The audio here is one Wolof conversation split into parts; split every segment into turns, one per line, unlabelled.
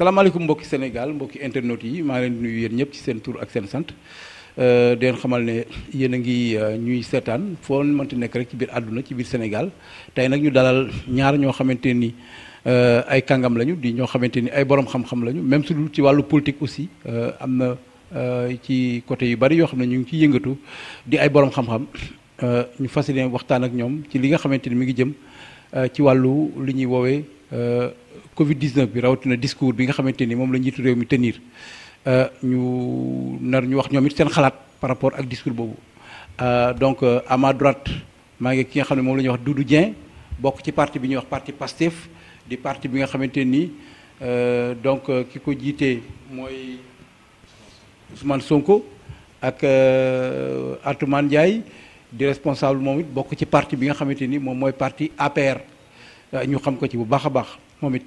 Assalamualaikum mbokki Senegal, mbokki internautes yi maa ngi di nuyu yéen ñëpp ci seen tur ak seen sant euh, di den xamal ne yéen a ngi euh, ñuy seetaan foo mënti nekk rek ci biir àdduna ci biir Sénégal ñu dalal ñaar ñoo xamante ni euh, ay kangam lañu di ñoo xamante ni ay borom xam-xam lañu même su dul ci wàllu politique aussi am na ci côté yu bari yo xam ñu yëngatu di ay borom xam-xam ñu fas yéene waxtaan ak ñoom ci li nga xamante mi ngi jëm ci li ñuy Covid 19 bi rawatina discours bi nga xamante ni moom la njiitu réew mi tenir euh, ñu nar ñu wax ñoom it seen xalaat par rapport ak discours boobu euh, donc euh, à ma droite maa ngi ki nga xam ne moom la ñuy wax Doudou Dieng bokk ci parti bi ñuy wax parti PASTEF di parti bi nga xamante ni donc ki ko jiitee mooy Ousmane Sonko ak Atoumane Ndiaye di responsable moom it bokk ci parti bi nga xamante ni moom mooy parti APR ñu xam ko ci bu baax a baax moom it.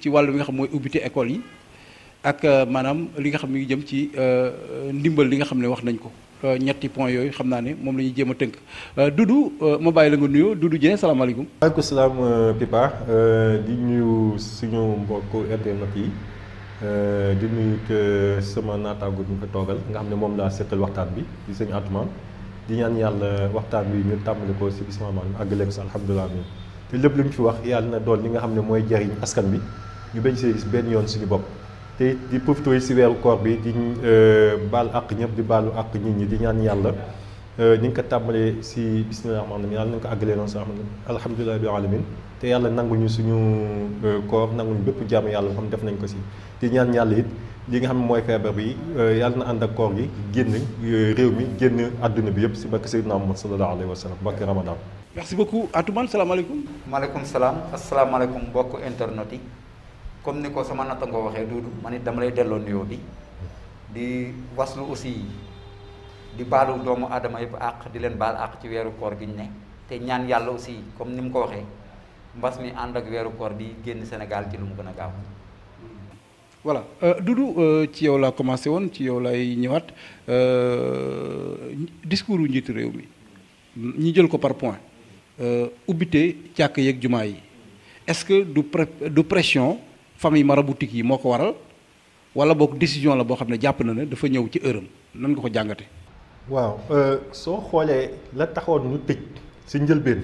ci wàllu bi nga xam mooy ubbite école yi ak euh, maanaam li nga xam mi ngi jëm ci euh, ndimbal li nga xam ne wax nañ ko euh, ñetti point yooyu xam naa ne moom la jéem a tënk
Doudou ma bàyyi la nga nuyoo Doudou Dieng salaamaaleykum. waaleykum salaam Pipa di nuyu suñu mbokku internet yi di nuyu sama naataango bi ñu ko toogal nga xam ne moom laa seqal waxtaan bi di sëñ Atouma di ñaan yàlla waxtaan bi ñu tàmbali ko si bisimilah àggale ko si alhamdulilah te lépp lu ñu fi wax yàlla na doon li nga xam ne mooy jariñ askan bi. ñu bañ see gis benn yoon suñu bopp te di profité si weeru koor bi di euh, bal ak ñëpp di baalu ak nit ñi di ñaan yàlla euh, ni nga ko tàmbalee si bismillah rahmaan rahim yàlla na ko àggalee noonu sax alhamdulilah bi alamin te yàlla nanguñu suñu euh, koor nanguñu bépp jàmm yàlla xam def nañ ko si di ñaan yàlla it li nga xam mooy feebar bi yàlla na ànd ak koor gi génn réew mi génn àdduna bi yëpp si bakk sayyidina muhammad sallallahu alayhi wa sallam bakk ramadan
merci beaucoup atuman salaamaaleykum maaleykum salaam asalaamaaleykum mbokk internet yi comme ni sama nattangoo waxee duudu man it dama lay delloo nuyoo bi di waslu aussi di baalu doomu aadama yëpp àq di leen baal àq ci weeru koor gi ñu ne te ñaan yàlla aussi comme ni mu ko waxee mbas mi ànd ak weeru koor bi génn Sénégal ci lu mu gën gaaw.
voilà euh, Doudou euh, ci yow laa commencé woon ci yow lay ñëwaat euh, discours yu réew mi ñu jël ko par point ubbite càkk yeeg jumaa yi est-ce que du du pression. famille maraboutique yi moo ko waral wala boog décision la boo xam ne jàpp na ne dafa ñëw ci ërëm nan nga ko jàngate
waaw euh, soo xoolee la taxoon ñu tëj si njëlbeen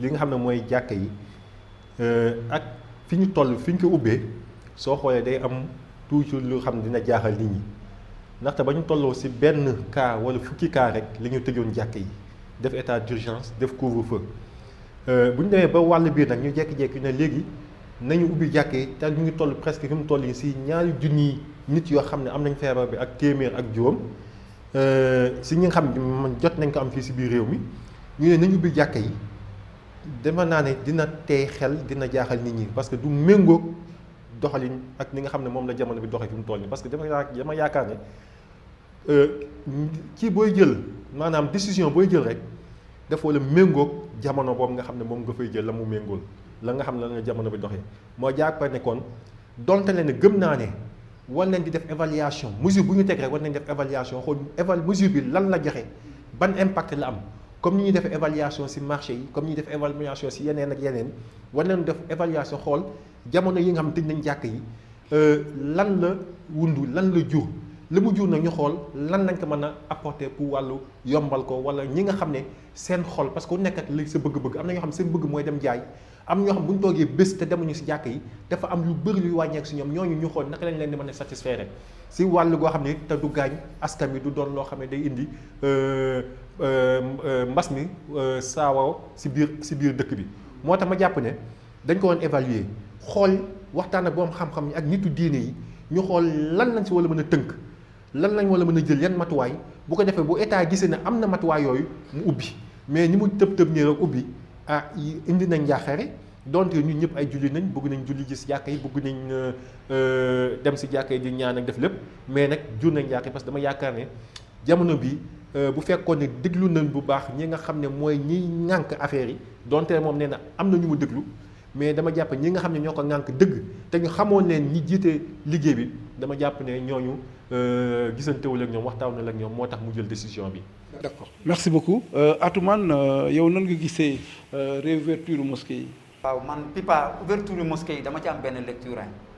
li nga xam ne mooy jàkk yi euh, ak fi ñu toll fi ñu ko ubbee soo xoolee day am toujours lu xam dina jaaxal nit ñi ndaxte ba ñu tolloo si benn kaa wala fukki cas rek li ñu tëjoon jàkk yi def état d'urgence def couvre-feu euh, bu ñu demee ba wàll biir nag ñu jékki-jékki ne léegi nañu ubbi jàkkee te ñu ngi toll presque fi mu toll yi si ñaari junni nit yoo xam ne am nañu feebar bi ak téeméer ak juróom euh, si ñi xam jot nañ ko am fii si biir réew mi ñu ne ubbi jàkka yi dama naa ne dina tey xel dina jaaxal nit ñi parce que du méngoog doxalin ak ni nga xam ne moom la jamono bi doxee fi mu toll nii parce que dama dama yaakaar ne euh, kii booy jël maanaam décision booy jël rek dafa la méngoog jamono boobu nga xam ne moom nga fay jël la mu méngoon la nga xam ne la jamono bi doxee moo jàppale ne kon donte leen ne gëm naa ne war nañ di def évaluation mesure bu ñu teg rek war nañ def évaluation xool éval mesure bi lan la joxe ban impact la am comme ni ñuy def évaluation ci marché yi comme ñuy def évaluation ci yeneen yeneen war nañ def évaluation xool jamono yi nga xam ne tëj nañ jàkk yi euh, lan la wundu lan la jur li mu jur nag ñu xool lan lañ ko mën a apporter pour wàllu yombal ko walla ñi nga xam ne seen xol parce que ku nekk ak li sa bëgg-bëgg am na ñoo xam ne seen bëgg mooy dem jaay am ñoo xam bu ñu toogee bés te demuñu si jàkk yi dafa am lu bëri luy wàññeek si ñoom ñooñu ñu xool naka lañ leen di mën a satisfaire si wàll goo xam ne te du gaañ askan wi du doon loo xam ne day indi euh, euh, euh, mbas mi saawaw si biir si biir dëkk bi moo tax ma jàpp ne dañ ko woon évaluer xool waxtaan ak boom xam-xam ak nitu diine yi ñu xool lan lañ si wala mën a tënk lan lañ wala mën a jël yan matuwaay bu ko defee bu état gisee ne am na matuwaay yooyu ubbi mais ñi mu tëb tëb nii ubbi ah indi nañ njaaxare donte ñun ñëpp ay julli nañ bëgg nañ julli si jàkk yi bëgg nañ euh, euh, dem si jàkka yi di ñaan ak def lépp mais nag jur nañ njaaxare parce que dama yaakaar ne jamono bi euh, bu fekkoon ne déglu nañ bu baax ñi nga xam ne mooy ñiy ŋànk affaire yi donte moom nee na am na ñu mu déglu mais dama jàpp ñi nga xam ne ñoo ko ŋànk dëgg te ñu xamoon leen ñi jiite liggéey bi dama jàpp ne ñooñu gisantewul ak ñoom waxtaan na ak ñoom moo tax mu jël décision bi d'accord,
merci beaucoup euh, Atoumane euh, yow y vu
euh, réouverture mosquée réouverture mosquée lecture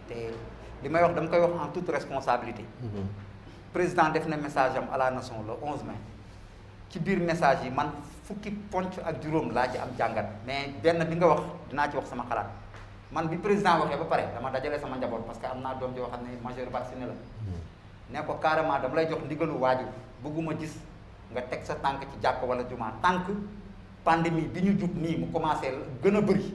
Je hein. suis en toute responsabilité. Mhm. président def un message à la nation le 11 mai. ci message yi man fukki ak mais je bi nga wax ci wax sama xalaat man président parce que majeur vacciné la mhm. nga teg sa tànk ci jàkk wala jumaa tànk pandémie bi ñu jub nii mu commencé gën a bëri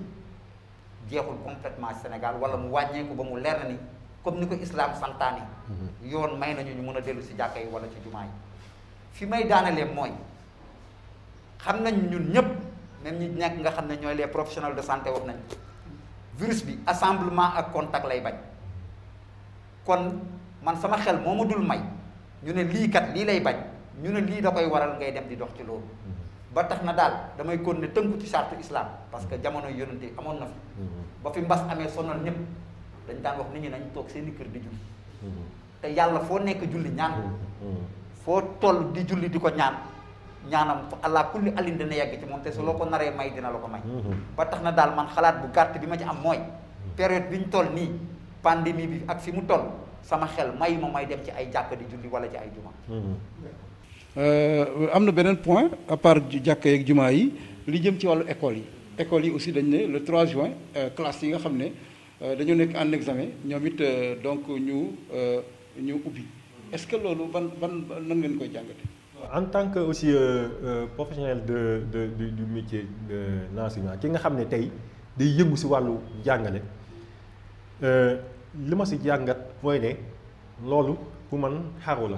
jeexul complètement Sénégal wala mu wàññeeku ba mu leer na ni comme ni ko islam santaane mhm. yoon may nañu ñu mën a dellu si jàkka yi wala ci jumaa yi fi may daanalee mooy xam nañ ñun ñëpp même ñi nekk nga xam ne ñooy les professional de santé wax nañ virus bi assemblement ak contact lay bañ kon man sama xel moom ma dul may ñu ne liikat lii lay bañ ñu ne lii da koy waral ngay dem di dox ci loolu mm-hmm. ba tax na daal damay kon ne tënku ci charte islam parce que jamono yonente yi amoon na fi mm-hmm. ba fi mbas amee sonal ñëpp dañ daan wax nit ñi nañ toog seeni kër di julli mm-hmm. te yàlla foo nekk julli ñaan foo toll di julli di ko ñaan ñaanam allah kulli alin dina yegg ci moom te su loo may dina la may ba tax na man xalaat bu gàtt bi ma ci am mooy période bi toll pandémie bi ak fi mu toll sama xel may ma may dem ci ay jàkk di julli wala ci ay juma
Euh, am na beneen point à part jàkka yeeg juma yi li jëm ci wàllu école yi école yi aussi dañ ne le 3 juin euh, classe yi nga xam ne euh, dañoo nekk en examen ñoom it donc ñu ñu ubbi est-ce que loolu ban ban nan ngeen koy jàngate
en tant que aussi professionnel de de du métier de l'enseignement ki nga xam ne tey day yëngu si wàllu jàngale li ma si jàngat mooy ne loolu bu man xaru la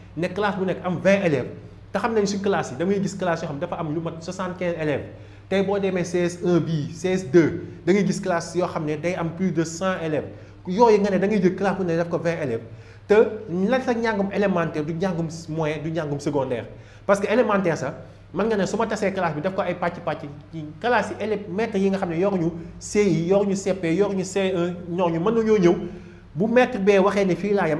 ne classe bu nekk am 20 élèves te xam nañ suñ classe yi da ngay gis classe yoo xam dafa am lu mat 75 élèves tey boo demee CS1 bii CS2 dangay gis classe yoo xam ne day am plus de cent élèves yooyu nga ne da ngay jël classe bu ne def ko 20 élèves te la sa njàngum élémentaire du njàngum moyen du njàngum secondaire parce que élémentaire sax mën nga ne su ma tasee classe bi daf ko ay pàcc-pàcc ci classe yi élèves maître yi nga xam ne yoruñu CI yoruñu CP yoruñu C1 ñooñu mën nañoo ñëw bu maître bee waxee ne fii laa yem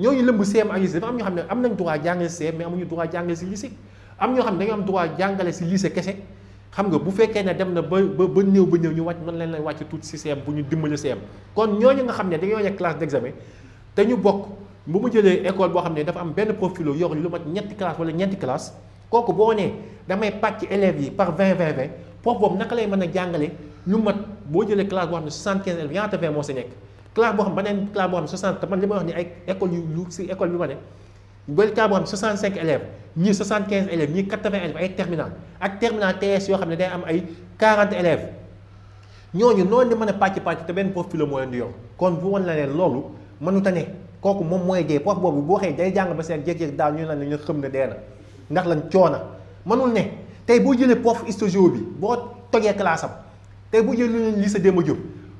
ñooñu lëmb CM ak lycée dafa am ñoo xam ne am nañ droit jàngale CM mais amuñu droit jàngale am ñoo xam ne dañu am droit jàngale si lycée kese xam nga bu fekkee ne dem na ba ba ba néew ba néew ñu wàcc mën leen lañ wàcc tuuti si CM bu ñu dimbali CM kon ñooñu nga xam ne dañoo nekk classe d' te ñu bokk bu mu jëlee école boo xam ne dafa am benn profilo yor lu mat ñetti classe wala ñeenti classe kooku boo nee damay pàcc élèves yi par 20 20 20 naka lay mën a jàngale ñu mat boo jëlee classe boo xam ne 75 élèves moo si nekk classe boo xam beneen classe boo xam 60 te man li may wax ni ay école yu lu si école bi ma ne benn classe boo xam 65 élèves ñii 75 élèves ñii 80 élèves ay terminal ak terminal TS yoo xam ne day am ay 40 élèves ñooñu noonu la mën a pàcc pàcc te benn prof fi la moo leen kon bu wan la ne loolu mënut a ne kooku moom mooy dee prof boobu boo xëyee day jàng ba seen jékki-jékki daal ñu ne la xam ne dee na ndax la lan coona mënul ne tey boo jëlee prof histoire bi boo tojee classe am tey boo jëlee lu leen lycée Demba Diop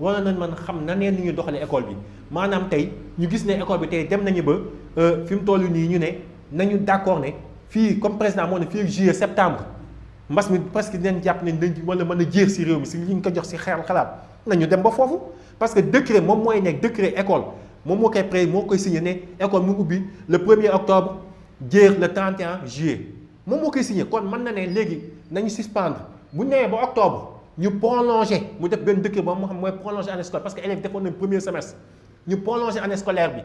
wala nañ man xam na neen ñu doxale école bi manam tay ñu gis né école bi tay dem nañu ba euh mu toll nii ñu né nañu d'accord né fi comme président moo ne fii juillet septembre mbas mi que ñen japp ne dañ wala mëna jéx ci si réew mi si ñu ko jox ci xel xalaat nañu dem ba fofu parce que décret mom moy né décret école mom mo koy pré mo koy signer né école mu ubbi le 1er octobre jéx le 31 juillet mom mo koy signer kon man na né légui nañu suspendre bu ñu ba octobre ñu prolonger mu def ben deuk ba moo xam mooy prolongé année scolaire parce que élève defoon premier semestre ñu prolonger année scolaire bi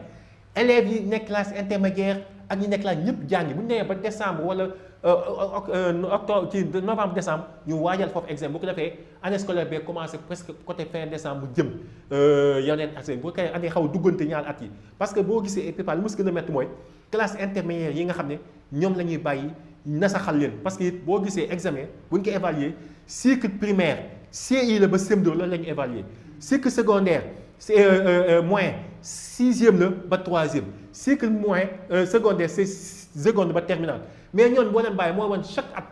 élève yi nekk classe intermédiaire ak ñi nekk classe ñep jang bu ñëw ba décembre wala euh, euh, euh, octobre ci novembre décembre ñu wajal foofu examen bu ko defee année scolaire bi commencé presque côté fin décembre jëm euh at yi bu kay année xaw a duggante ñaar at yi parce que bo gisee PEPAL li mu mettre moy classe intermédiaire yi nga xamné ñom lañuy bayyi nasaxal leen parce que it boo gisee examen bu ñu ko évaluer cycle primaire CI la ba CM2 loolu la ñu évaluer cycle secondaire c'est euh, euh, euh, moyen sixième la ba troisième cycle moyen secondaire c'est seconde ba terminale mais ñoon boo leen bàyyi mooy wan chaque at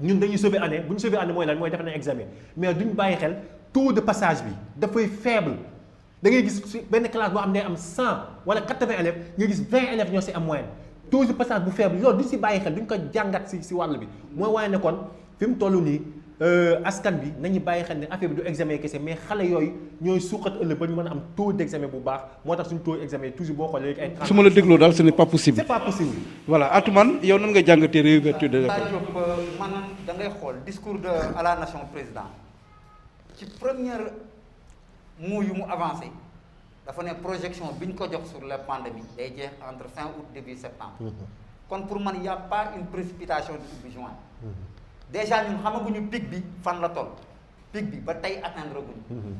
ñun dañuy sauver année bu ñu sauver année mooy lan mooy def nañ examen mais duñ bàyyi xel taux de passage bi dafay faible da ngay gis benn classe boo xam ne am 100 wala 80 élèves nga gis 20 élèves ñoo si am moyenne taux de passage bu faible loolu du ci baye xel duñ ko jangat ci ci wàll bi moy waaye kon fim mu ni euh askan bi nañu baye xel ni affaire bi du examen kessé mais xalé yoy ñoy suxat ëllëg ba mëna am taux d'examen bu baax motax tax suñu taux examen toujours boko xoolee ay. 30 suma la
dégloo dal ce n' pas possible. c'est pas possible. voilà Atoumane yow nan nga jangaté réouverture de l' école.
man da ngay xol discours de à la nation président ci première mot yu mu avancer dafa ne projection bi ko jox sur la pandémie day jeex entre fin août début septembre. Mhm. kon pour man y' a pas une précipitation du juin. Mhm. déjà ñun xamaguñu pic bi fan la toll pic bi ba tey atteindre guñu. Mhm.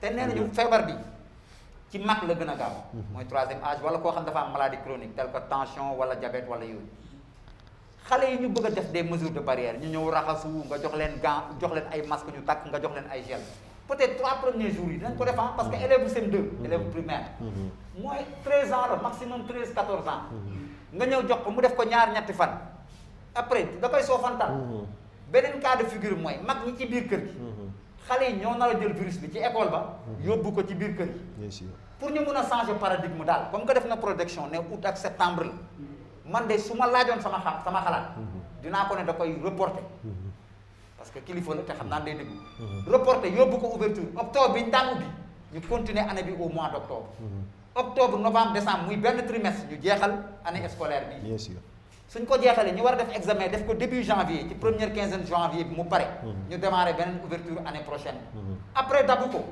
te nee nañu feebar bi ci mag la gën a gaaw. mooy troisième âge wala koo xam dafa am maladie chronique tel que tension wala diabète wala yooyu. xale yi ñu bëgg a def des mesures de barrière ñu ñëw raxasu nga jox leen gant jox leen ay masque ñu takk nga jox leen ay gel. peut-être trois premiers jours yi dinañ ko defar parce que élève CM2 mhm. élève primaire mhm. mooy treize ans la maximum treize quatorze ans mhm. nga ñëw jox ko mu def ko ñaar ñetti fan après da koy soofantal beneen cas de figure mooy mag ñi ci biir kër gi xale yi ñoo nar a jël virus bi ci école ba yóbbu ko ci biir kër yi pour ñu mun a changer paradigme daal comme que def na projection ne août ak septembre la man de su ma laajoon sama xam sama xalaat dinaa ko ne da koy reporter parce que kilifa la te xam naa day déglu. Mhm. reporté yóbbu ko ouverture octobre bi tang bi ñu continuer année bi au mois d'octobre, mhm. octobre. novembre décembre muy ben trimestre ñu jeexal année scolaire bi. bien sûr suñ ko jeexalee ñu war def examen def ko début janvier ci première quinzaine janvier bi mu pare. Mhm. ñu démarrer benen ouverture année prochaine. après dabu ko.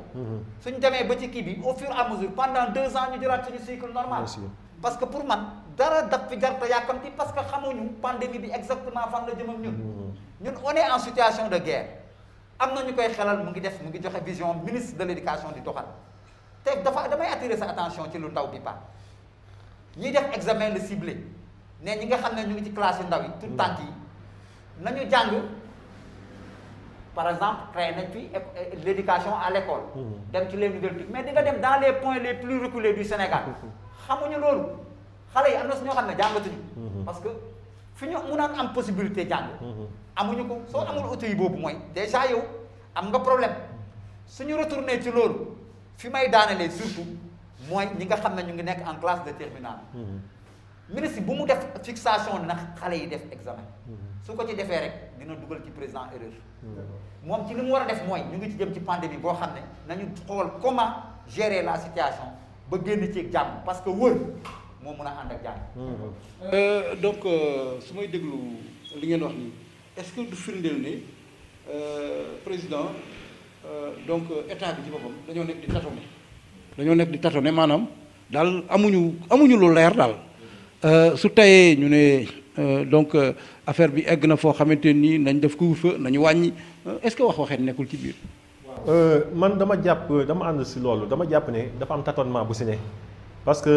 suñ démé ba ci ki bi au fur et à mesure pendant deux ans ñu jëlaat suñu cycle normal. bien sûr. parce que pour man dara dab fi jarta yàkkamti parce que xamuñu pandémie bi exactement fan la jëmam ñun
hmm.
ñun on en situation de guerre am na ñu koy xelal mu ngi def mu ngi joxe vision ministre de l'éducation di doxal te dafa damay attirer sa attention ci lu ndaw bi pa ñiy def examen le ciblé ne ñi nga xam ne ñu ngi ci classe yu ndaw yi tout tànk yi na ñu jàng par exemple créé nañ fi l'éducation à l'école hmm. dem ci les nouvelles mais di nga dem dans les points les xamuñu loolu xale yi am na su ñoo xam ne jàngatuñu mhm. parce que fi ñu mu naan am possibilité jàng mhm. amuñu ko soo amul auto yi boobu mooy déjà yow am nga problème suñu retourné ci loolu fi may daanelee surtout mooy ñi nga xam ne ñu ngi nekk en classe de terminal. Mhm. ministre bu mu def fixation na xale yi def examen su ko ci defee rek dina dugal ci président erreur moom ci li mu war a def mooy ñu ngi ci jëm ci pandémie boo xam ne nañu xool comment gérer la situation ba génn ci jàmm parce que wër moo mën a ànd ak jàmm.
Euh, donc euh, su may déglu li ngeen wax nii est-ce que du firndeel ne euh, président donc état bi ci boppam dañoo nekk di tâtonner. dañoo nekk di tâtonner maanaam daal amuñu amuñu lu leer daal su tayee ñu ne donc affaire bi egg na foo xamante nii nañ def couvre-feu nañu wàññi
est-ce que wax waxeet nekkul ci biir. Euh, man dama japp dama ànd ci loolu dama japp ne dafa am tâtonnement bu signé parce que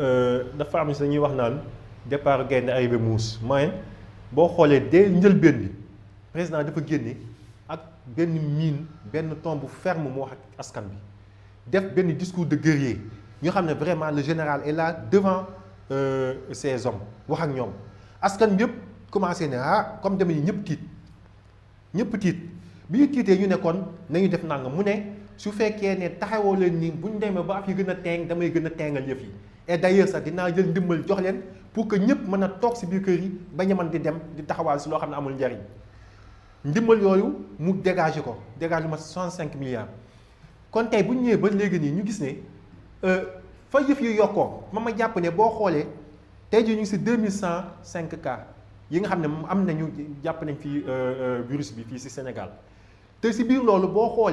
euh dafa am si dañuy wax naan départ guen arrivé mous moyen bo xolé dé ñël bénn président dafa génne ak benn mine bénn tombe ferme mo wax ak askan bi def bénn discours de guerrier ñu xamné vraiment le général est là devant euh ses hommes wax ak ñom askan bi yëpp commencé né ah comme demee ñëpp tit ñëpp tit bi ñu tiitee ñu nekkoon kon nañu def nangam mu ne su fekkee ne taxawoo leen ni bu ñu demee ba af yi gën a teeng damay gën a tengal yëf yi et d'ailleurs sax dinaa jël ndimbal jox leen pour que ñëpp mën a toog si biir kër yi bañ a di dem di taxawaal si loo xam ne amul njariñ ndimbal yooyu mu dégagé ko dégagé ma 65 milliards kon tey bu ñu ñëwee ba léegi nii ñu gis ne euh, fa yëf yi yokkoo ma ma jàpp ne boo xoolee tey jii ñu ngi si 2105 cas yi nga xam ne am nañu jàpp nañ fii euh, euh, virus bi fii si Sénégal te si biir loolu boo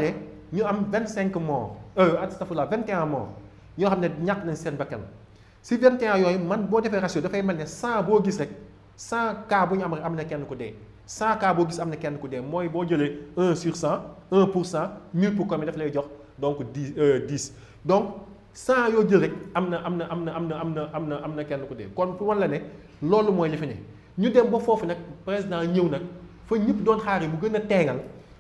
ñu am 25 morts euh astafurlah 21 morts ñoo xam ne ñàkk nañ seen bakkan si 21 yooyu man boo defee ratio dafay mel ne 100 boo gis rek 100 cas bu ñu am rek am na kenn ku dee 100 cas boo gis am na kenn ku dee mooy boo jëlee 1 sur 100 1 pour 100 1000 pour lay jox donc 10 euh, 10 donc 100 yoo jël rek am na am na am na am kenn ku dee kon pour man la ne loolu mooy li fi ne ñu dem ba foofu nag président ñëw nag fa ñëpp doon xaar yi mu gën a teengal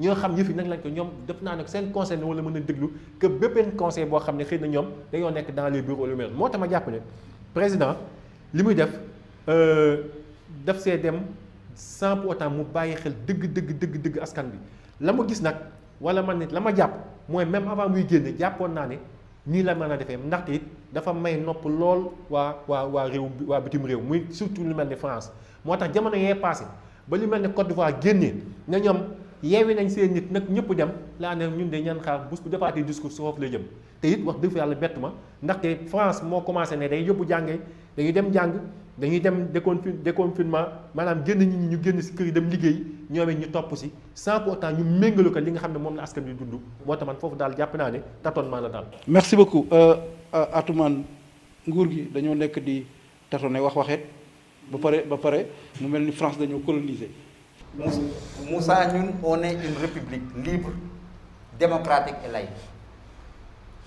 Nous xam yëf yi lañ ko conseil que conseil boo xam ne dans les bureaux lumière moo tax ma jàpp ne président li muy def euh, daf dem sans pour autant mu bàyyi xel dëgg dëgg dëgg dëgg askan bi la gis même avant muy les jàppoon naa ne nii la mën a defee it dafa may nopp lool waa waa waa réew waa bitim réew muy surtout lu mel France moo tax jamono passé ba Côte d'Ivoire yeewi nañ seen nit nag ñëpp dem laa ne ñun de ñaan xaar bés bu defaatee discours su foofu lay jëm te it wax dëgg yàlla bett ma ndaxte France moo commencé ne day yóbbu jàngee dañuy dem jàng dañuy dem déconfi déconfinement maanaam génn nit ñi ñu génn si kër yi dem liggéey ñoom it ñu topp si sans pour autant ñu méngalu ko li nga xam ne moom la askan bi dund moo tax man foofu daal jàpp naa ne tâtonnement la daal.
merci beaucoup euh, euh, Atoumane nguur gi dañoo nekk di tâtonner wax waxeet ba pare ba pare mu mel ni France dañoo coloniser.
Moussa nous on est une république libre démocratique et laïque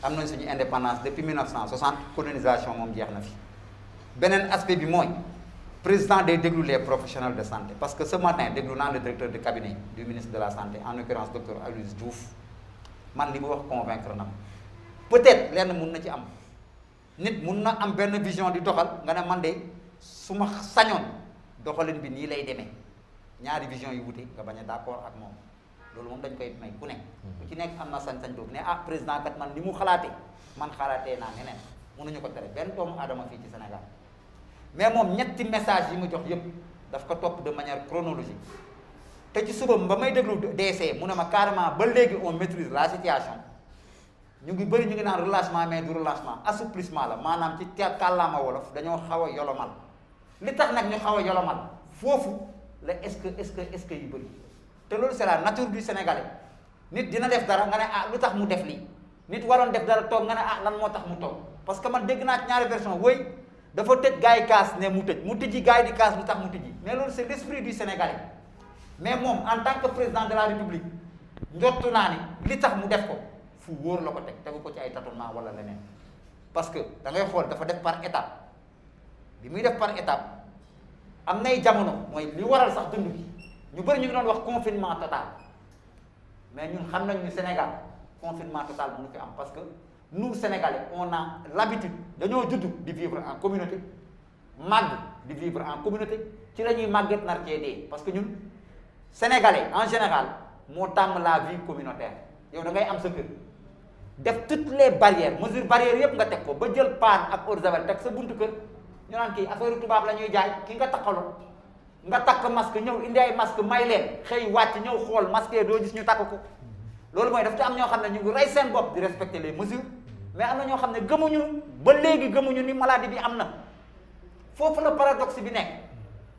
Nous eu une indépendance depuis 1960 colonisation mondiale. la na fi aspect bi le président des déglu professionnels de santé parce que ce matin déglu le directeur de cabinet du ministre de la santé en l'occurrence docteur Aloyse Diouf Je suis convaincu. wax convaincre peut-être qu'il y na ci am nit mun na am ben vision di doxal nga man de la le doxalin bi ñaari vision yu wute nga bañ a d'accord ak moom loolu moom dañ koy may ku nekk ku ci nekk am sañ-sañ boobu ne ah président kat man li mu man xalaatee naa neneen mënuñu ko tere benn doomu aadama fii ci Sénégal mais moom ñetti message yi mu jox yëpp daf ko topp de manière chronologique te ci suba ba may déglu DC mu ne ma carrément ba léegi on maîtrise la situation ñu ngi bëri ñu ngi naan relâchement mais du relâchement assouplissement la Manam ci kalama wolof dañoo xaw a yolomal li tax nag ñu xaw a yolomal foofu la est-ce que est-ce que est-ce que yu bëri te loolu c'est la nature du sénégalais nit dina def dara nga ne ah lu tax mu def lii nit waroon def dara toog nga ne ah lan moo tax mu toog parce que man dégg naa ci ñaari version wëy dafa tëj gars kaas ne mu tëj mu tëjji gars yi di kaas lu tax mu tëjji mais loolu c'est l'esprit du sénégalais mais moom en tant que président de la république njottu naa ni li tax mu def ko fu wóor la ko teg tegu ko ci ay tâtonnement wala leneen parce que da xool dafa def par étape muy def par étape. am nay jamono mooy li waral sax dund bi ñu bëri ñu ngi doon wax confinement total mais ñun xam nañu ñu Sénégal confinement total mënu fi am parce que nous Sénégalais on a l'habitude dañoo judd di vivre en communauté màgg di vivre en communauté ci la ñuy màgget nar cee dee parce que ñun Sénégalais en général moo tàmm la vie communautaire yow da ngay am sa kër def toutes les barrières mesures barrières yëpp nga teg ko ba jël paan ak eau de teg sa buntu kër. ñu naan kii affaire tubaab la ñuy jaay ki nga takkaloon nga takk masque ñëw indi ay masque may leen xëy wàcc ñëw xool masque doo gis ñu takk ko loolu mooy daf ci am ñoo xam ne ñu ngi rey seen bopp di respecter les mesures mais am na ñoo xam ne gëmuñu ba léegi gëmuñu ni maladie bi am na foofu la paradoxe bi nekk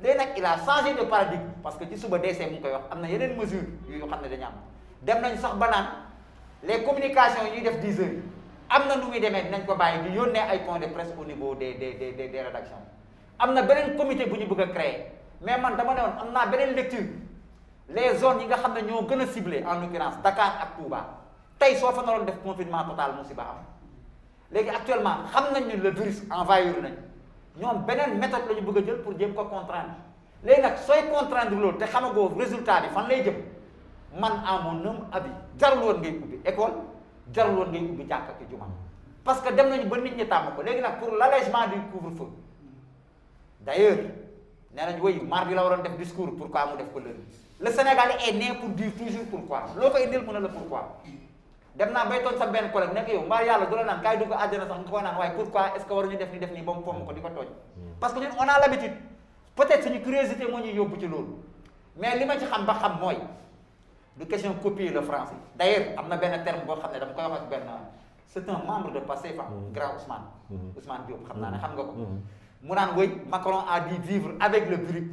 léegi nag il a changé de paradigme parce que ci suba dee mu ngi koy wax am na yeneen mesures yu yoo xam ne dañu am dem nañ sax ba naan les communications yi ñuy def 10 heures amna na lu muy demee dinañ ko bàyyi di yónnee ay points de presse au niveau des des des des rédactions amna benen comité bu ñu bëgg créer mais man dama ne amna benen lecture les zones yi nga xamné ñoo gëna ciblé en l'occurrence Dakar ak Touba tay soo fa naroon def confinement total musiba am léegi actuellement xam nañ ne le virus envahir nañ ñoom benen méthode lañu bëgg jël pour jéem ko contraindre léegi nak soy contraindre loolu té xamago résultat yi fan lay jëm man à mon humble jarul won ngay ubbi école. jarul woon ngay ubbi jàkka ak juma parce que dem nañu ba nit ñi tàmm ko léegi nag pour l'allègement du couvre-feu d'ailleurs nee nañ woy mardi la waroon def discours pourquoi mu def ko lundi le Sénégal est né pour dire toujours pourquoi loo koy indil mën a la pourquoi dem naa bay tooñ sa benn collègue nekk yow mbaa yàlla du naan kaay dugg àjjana sax nga koy naan waaye pourquoi est-ce que waruñu def ni def nii ba mu fomm ko di ko tooñ hmm. parce a l'habitude peut mais li ma ci xam ba mooy du question copier le français D'ailleurs, ailleurs am na benn terme boo xam ne dama koy wax C'est un membre de Pastef ah. grand Ousmane. Mm-hmm. Ousmane Diop xam naa ne mm-hmm. xam nga ko. mu Macron a dit vivre avec le virus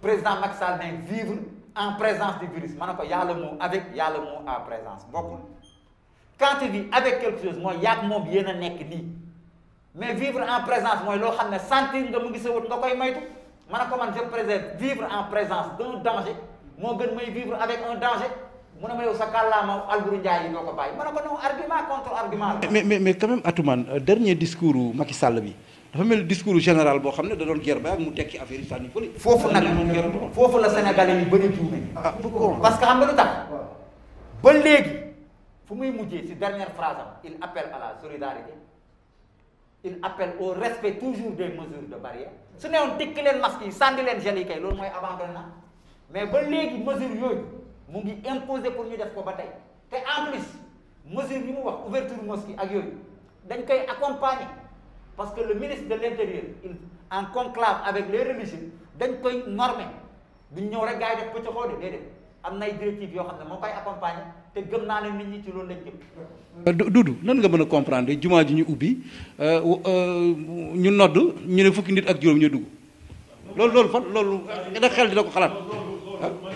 président Macron vivre en présence du virus ma ne ko y a le mot avec y a le mot en présence bokkul. quand tu vis avec quelque chose mooy yàgg moom yéen bien nekk mais vivre en présence moi, loo xam sentir nga mu ngi sa wut nga koy moytu ma man je préserve vivre en présence d'un danger moo gën may vivre avec un danger mu ne ma yow sa kàllaama Alboury Ndiaye yi doo ko bàyyi ma ne ko argument contre argument mais
mais mais quand même Atoumane euh, dernier discours u Macky Sall bi dafa mel discours général boo xam ne da
doon guerre ba ak mu tekki affaire yi sànni fële foofu nag foofu la sénégalais yi bëri juume ah, ah, parce que xam nga lu tax ba léegi fu muy mujjee si dernière phrase il appelle à la solidarité il appelle au respect toujours des mesures de barrière su newoon tikki leen masque yi sànni leen gel yi kay loolu mooy abandon mais ba léegi mesure yooyu mu ngi imposé pour ñu def ko ba tey te en plus mesure yi mu wax ouverture mosquée ak yooyu dañ koy accompagner parce que le ministre de l'intérieur il en conclave avec les religieux dañ koy normer duñ ñëw rek gars yi def ko ci xoode déedéet am nay directives yoo xam ne moo koy accompagner te gëm naa ne nit ñi ci loolu lañ jëm. Euh,
Doudou nan nga mën a comprendre jumaa ji ñu ubbi euh, euh, ñu nodd ñu ne fukki nit ak juróom
ñu dugg loolu loolu fan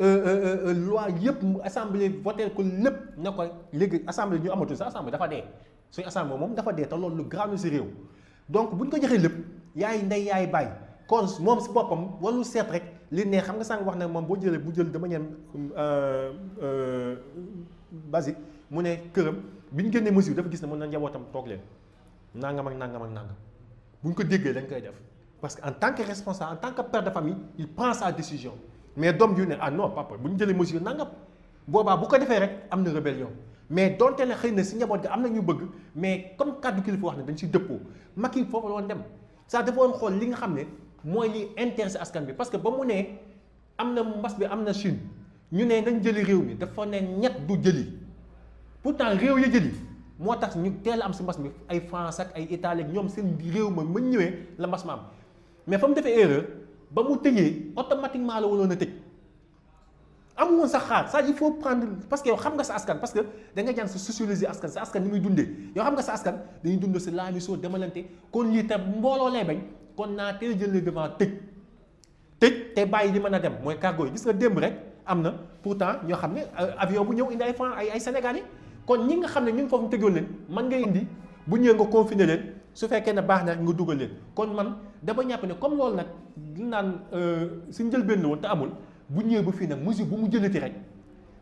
Euh, euh, euh, loi yëpp assemblée voter ko lépp ne ko léegi assemblée ñu amatu sa assemblée dafa dé suñu assemblée mom dafa dé te loolu grand grave si réew donc buñ ko joxee lepp yaay nday yaay bàyyi kon mom ci bopam walu sét rek li ne xam nga sang wax ne mom bo jël bu jël dama ñen euh euh basique mu ne kërëm biñu ñu génnee mesure dafa gis ne mën na njabootam toog leen nangam ak nangam ak nangam buñ ko déggee dañ koy def parce que en tant que responsable en tant que père de famille il prend sa décision mais dom yu ne ah non papa bu jëlé monsieur nangam boba bu ko défé rek am na rébellion mais donte la xeyna na si njaboot ga am na ñu bëgg mais comme cadre kilifa wax ne dañ ci dëppoo makki fofu won dem ça dafa won xol li nga xamné moy li intéressé askan bi parce que ba mu né amna mbass bi amna Chine ñu né nañ jëli réew mi dafa né ñet du jëli pourtant réew ya jëli motax ñu teel am ci mbass mi ay France ak ay Italie ak ñoom seen réew ma mën ñëwé la mbas ma am mais fa défé erreur. ba mu tëjee automatiquement la waroon a tëj am woon sax xaar ça il faut prendre parce que yow xam nga sa askan parce que da nga jàng sa socialiser askan sa askan ni muy dundee yow xam nga sa askan dañuy dund si la mission demalante kon lii tam mbooloo lay bañ kon naa te jël le devant tëj tëj te bàyyi li mën a dem mooy cargo yi gis nga démb rek am na pourtant ñoo xam ne euh, avion bu ñëw indi ay franc ay ay sénégalais kon ñi nga xam ne ñu ngi foofu tëjoon leen mën nga indi bu ñëwee nga confiné leen. su fekkee ne baax na rek nga dugal leen kon man dama ñàpp ne comme loolu nag di naan jël euh, njëlbeen woon te amul bu ñëwee ba fii nag mesure bu mu jëlati rek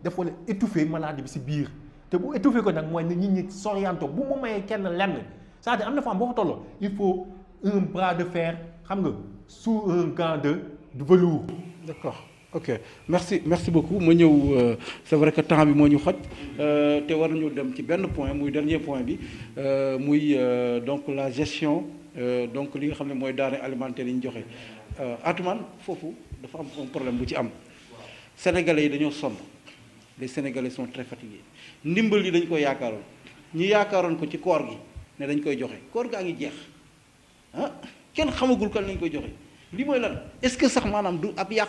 dafa la étouffer maladie bi si biir te bu étouffer ko nag mooy ne nit ñi sorianto bu mu mayee kenn lenn c'est-à-dire am na fa am boo fa tolloo il faut un bras de fer xam nga sous un gant de velours. d'accord ok merci merci beaucoup ma ñëw
euh, c'est vrai que temps bi moo ñu xoj euh, te war nañu dem ci benn point muy dernier point bi euh, muy donc la gestion donc li nga xam ne mooy denrée alimentaire yi ñu joxe Atoumane foofu dafa am un problème bu ci am sénégalais yi dañoo son, les sénégalais sont très fatigués ndimbal yi dañ ko yaakaaroon ñu yaakaaroon ko ci koor gi ne dañ koy joxe koor gaa ngi jeex ah kenn xamagul kan lañ koy joxe li mooy lan est-ce que sax manam du ab yàq.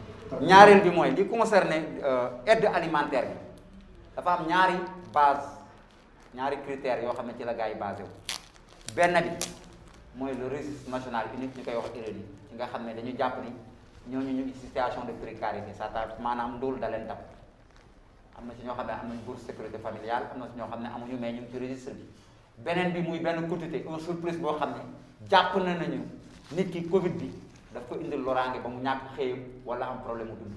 ñaareel bi mooy li concerné euh, aide alimentaire bi dafa am ñaari base ñaari critères yoo xam ne ci la gars yi basé wu benn bi mooy le registre national unique ñu koy wax RNU ci nga xam ne dañu jàpp ni ñoo ñu ngi situation de précarité ça ta maanaam ndóol da leen dab am na si ñoo xam ne am nañ bourse sécurité familiale am na ci ñoo xam ne amuñu mais ñu ngi ci registre bi beneen bi muy benn quotité un surplus boo xam ne jàpp na nañu nit ki Covid bi daf ko indil loraange ba mu ñàkk xëy wala am problème mu dund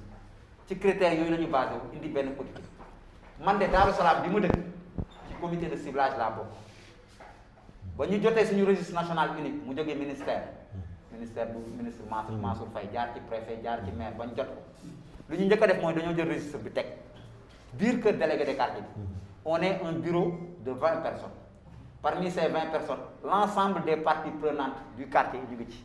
ci critères yooyu la ñu basé wu indi benn politique man de Daaru Salaam bi ma dëkk ci comité de ciblage laa bokk ba ñu jotee suñu registre national unique mu jógee ministère ministère bu ministre Mansour Mansour Faye jaar ci préfet jaar ci maire ba ñu jot ko lu ñu njëkk a def mooy dañoo jël registre bi teg biir kër délégué de quartier bi on est un bureau de vingt personnes parmi ces vingt personnes l' des parties prenantes du quartier ñu ngi ci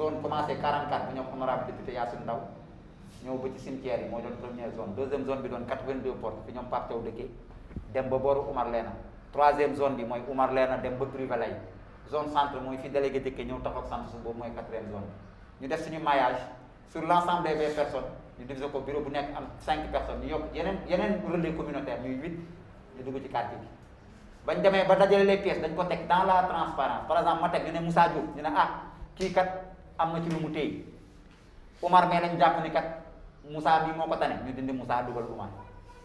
zone commencé 44 bu ñoo honorable député Yacine Ndaw ñëw ba ci cimetière yi moo doon première zone deuxième zone bi doon 82 portes fi ñoom Pape Thiaw dëkkee dem ba booru Umar Lena, troisième zone bi mooy Umar Lena dem ba privé lay zone centre mooy fi délégué dëkkee ñëw taxaw centre su boobu mooy quatrième zone bi ñu def suñu maillage sur l' ensemble des vingt personnes ñu divisé ko bureau bu nekk am cinq personnes ñu yokk yeneen yeneen relais communautaire ñuy huit ñu dugg ci quartier bi bañ demee ba dajale les pièces dañ ko teg dans la transparence par exemple ma teg ñu ne Moussa Diop ñu ne ah kii kat am na ci lu mu téye Umar mee nañ jàpp ni kat Moussa bi moo ko tane ñu dindi Moussa dugal Umar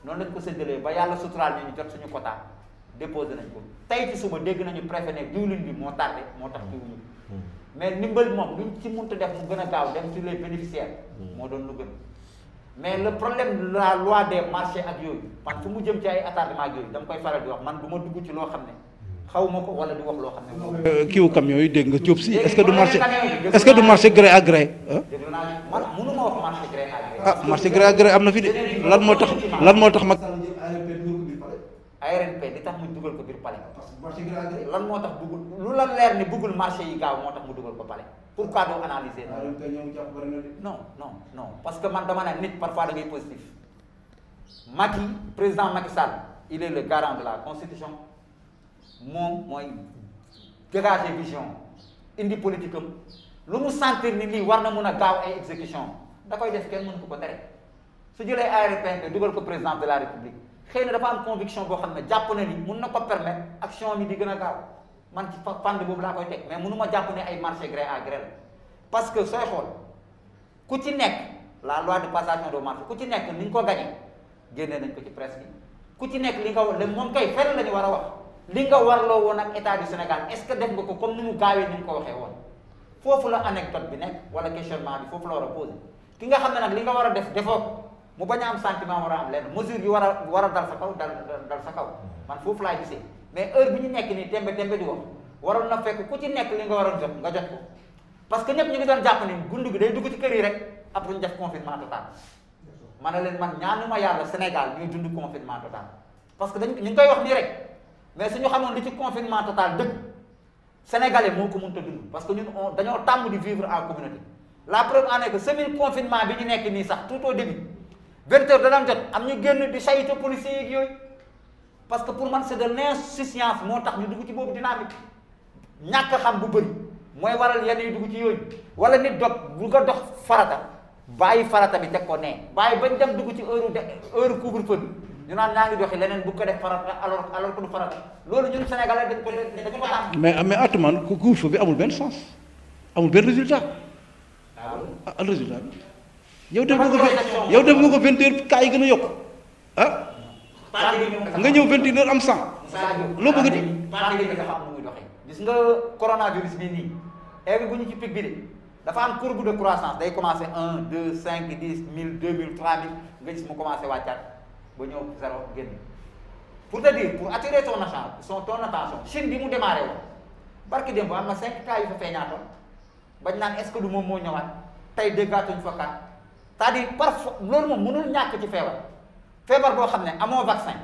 noonu lañ ko séddalee ba yàlla suturaal ñu ñu jot suñu quota déposé nañ ko tey ci suba dégg nañu préfet ne diwlin bi moo tardé moo tax diwlin hmm. mais ndimbal moom luñ ci mënta def mu gën a gaaw dem si les bénéficiaires hmm. moo doon lu gën mais le problème la loi des marchés ak yooyu man fu mu jëm ci ay attardement ak yooyu dama koy faral di wax man du ma dugg ci loo xam ne xaw ma ko wala di wax loo xam ne.
Euh, kii wu camion yi dégg nga Diop si est-ce que du marché est-ce que du marché gré a gré.
man mënu ma wax ah, marché gré à gré. am na fi de lan moo tax lan moo tax mag. ARNP li tax mu dugal ko biir palais lan moo tax bëggul lu la leer ni bëggul marché yi gaaw moo tax mu dugal ko palais pourquoi doo analyser non non non parce que man dama ne nit parfois da ngay positif Macky président Macky Sall il est le garant de constitution moom mooy dégager vision indi politique am lu mu sentir ni lii war na mun a gaaw ay exécution da koy def kenn mënu ko ko tere su jëlee ARPP dugal ko président de la république xëy na dafa am conviction boo xam ne jàpp na ni mun na ko permettre action bi di gën a gaaw man ci fànn boobu laa koy teg mais mënu ma jàpp ne ay marché gré à gré la parce que sooy xool ku ci nekk la loi de passation de marché ku ci nekk ni nga ko gañee génnee nañ ko ci presse ku ci nekk li nga wax moom kay la ñu war a wax. li nga warloo woon ak état du Sénégal est-ce que def nga ko comme ni mu gaawee ni mu ko waxee woon foofu la anecdote bi nekk wala questionnement bi foofu la war a posé ki nga xam ne nag li nga war a def defoo mu bañ a am sentiment war a am lenn mesure bi war a war a dal sa kaw dal dal sa kaw man foofu laa gisee mais heure bi ñu nekk nii tembe tembe di wax waroon na fekk ku ci nekk li nga waroon jot nga jot ko parce que ñëpp ñu ngi doon jàpp ni dugg ci kër yi rek après ñu def confinement total ma ne leen man ñaanuma yàlla Sénégal nii mais su ñu xamoon li ci confinement total dëgg sénégalais moo ko mënut a dund parce que ñun on dañoo tàmm di vivre en communauté la preuve en est que semaine confinement bi ñu nekk nii sax tout au début vingt heures danañ jot am ñu génn di saytu policiers yeeg yooyu parce que pour man c'est de l'insouciance moo tax ñu dugg ci boobu dynamique ñàkk xam bu bëri mooy waral yenn yi dugg ci yooyu wala nit dog bu nga dox farata bàyyi farata bi teg ko nee bàyyi bañ dem dugg ci heure heure couvre-feu bi ñu naan naa ngi joxe leneen bu ko def farata alors alors que du farata loolu ñun sénégalais dañ ko dañ ko tàmm
mais mais atuman ku couvre bi amul benn sens amul benn résultat ah, ah résultat bi yow def nga ko yow def nga ko vingt heures cas yi gën a yokk ah nga ñëw vingt une heures am cent
loo bëgg di pandémie bi dafa am nu muy doxee gis nga coronavirus bi nii egg bu ñu ci pic bi de dafa am courbe de croissance day commencé un deux cinq dix mille deux mille trois mille nga gis mu commencé wàccaat ba ñëw zéro génn pour te dire pour attirer son attention son ton attention Chine di mu démarré woon barki démb am na cinq cas yu fa feeñaatoon bañ naan est-ce que du moom moo ñëwaat tey déggaatuñ fa kat c'est-à-dire parfois loolu moom mënul ñàkk ci feebar feebar boo xam ne amoo vaccin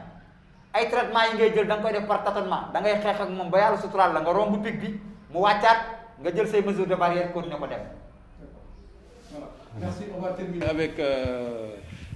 ay traitement yi ngay jël da koy def par tâtonnement da ngay xeex ak moom ba yàlla suturaal la nga romb pic bi mu wàccaat nga jël say mesures de barrière continuer ko def.
Merci, on va terminer avec euh...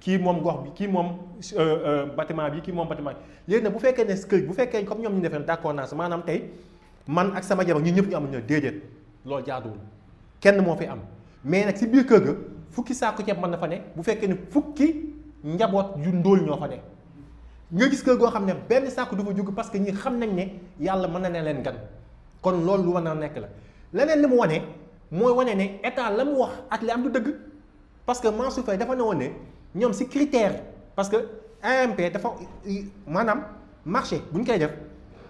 Qui mom gox bi euh, euh bâtiment bi qui mom bâtiment bu ne vous bu comme ñom ñu d'accord man ak sama jabar ñu ñëpp ñu kenn mo fi am mais nak si biir ga fukki ci fa qui bu vous fukki yu ndol ñoo fa vous nga gis go du fa parce que ñi xam nañ na gan kon lu a la leneen limu wone état ak li am du dëgg parce que Mansou dafa ñom ci critère parce que AMP dafa manam marché buñ koy def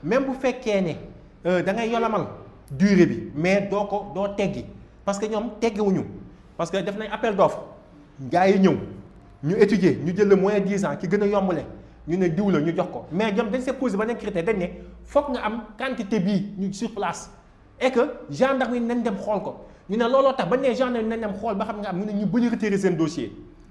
même bu féké né euh da ngay yolamal durée bi mais do ko do teggi parce que ñom téggé wuñu parce que def nañ appel d'offre gars ñew ñu étudier ñu jël le moyen 10 ans ki gëna a ñu né diw la ñu jox ko mais ñom dañ se posé beneen critère dañ né foog nga am quantité bi ñu sur place et que gendarme yi nañ dem xol ko ñu né lolo tax ba né gendarme yi nañ dem xol ba xam nga am ñu ne ñu bëri retirer seen dossier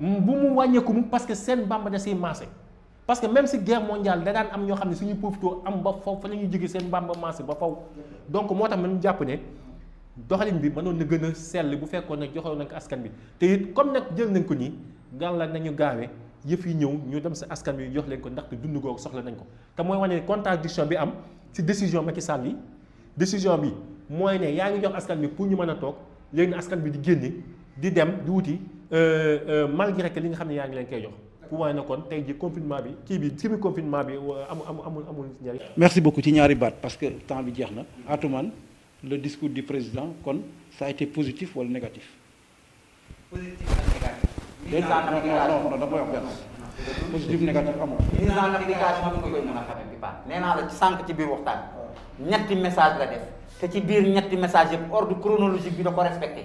bu mu wàññeeku mu parce que sen bamba da sey maase parce que même si guerre mondiale da daan am ño xamni ne suñu profitoo am ba fof fa la jigi sen bamba maase ba faw donc motax man japp ne doxalin bi mënoon na gën a bu fekkoon nak joxoon nak askan bi te it comme nak jël nañ ko gal gàlla nañu gaawé yëf yi ñëw ñu dem sa askan bi jox leen ko ndaxte dund googu soxla nañ ko te moy wane ne contradiction bi am ci décision Macky Sall yi décision bi moy ne yaa ngi jox askan bi pour ñu mëna tok toog askan bi di génné di dem di wuti euh euh malgré que li nga xam ne yaa ngi leen koy jox. pour wane kon tay ji confinement bi ki bi semi confinement bi euh, amul amul amul ñari merci
beaucoup ci ñaari baat parce que
temps bi jeex atuman le discours du président kon ça a été
positif wala négatif. positif ak négatif. non non non dama wax benn. positif négatif
amul. mise la application bi nga koy mën xamé xamee bi baax nee naa la sànq ci biir waxtaan ñetti message la def te ci biir ñetti message yëpp ordre chronologique bi da ko respecter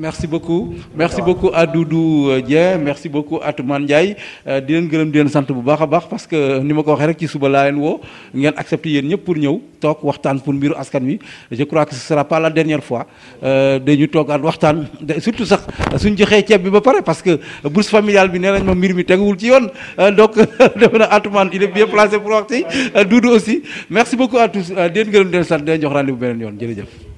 merci beaucoup
merci beaucoup à Doudou euh, Dieng merci beaucoup à Toumane Ndiaye euh, di leen gërëm di leen sant bu baax baax parce que ni ma ko waxee rek ci suba laa leen woo ngeen accepté yéen ñëpp pour ñëw toog waxtaan pour mbiru askan wi je crois que ce sera pas la dernière fois de euh, dañu toogaat waxtaan surtout sax suñ joxee ceeb bi ba pare parce que bourse familiale bi nee nañ ma mbir mi teguwul ci yoon donc defe na Atoumane il est bien placé pour wax Doudou aussi merci beaucoup à tous di leen gërëm di leen sant di leen jox rendez-vous beneen yoon jërëjëf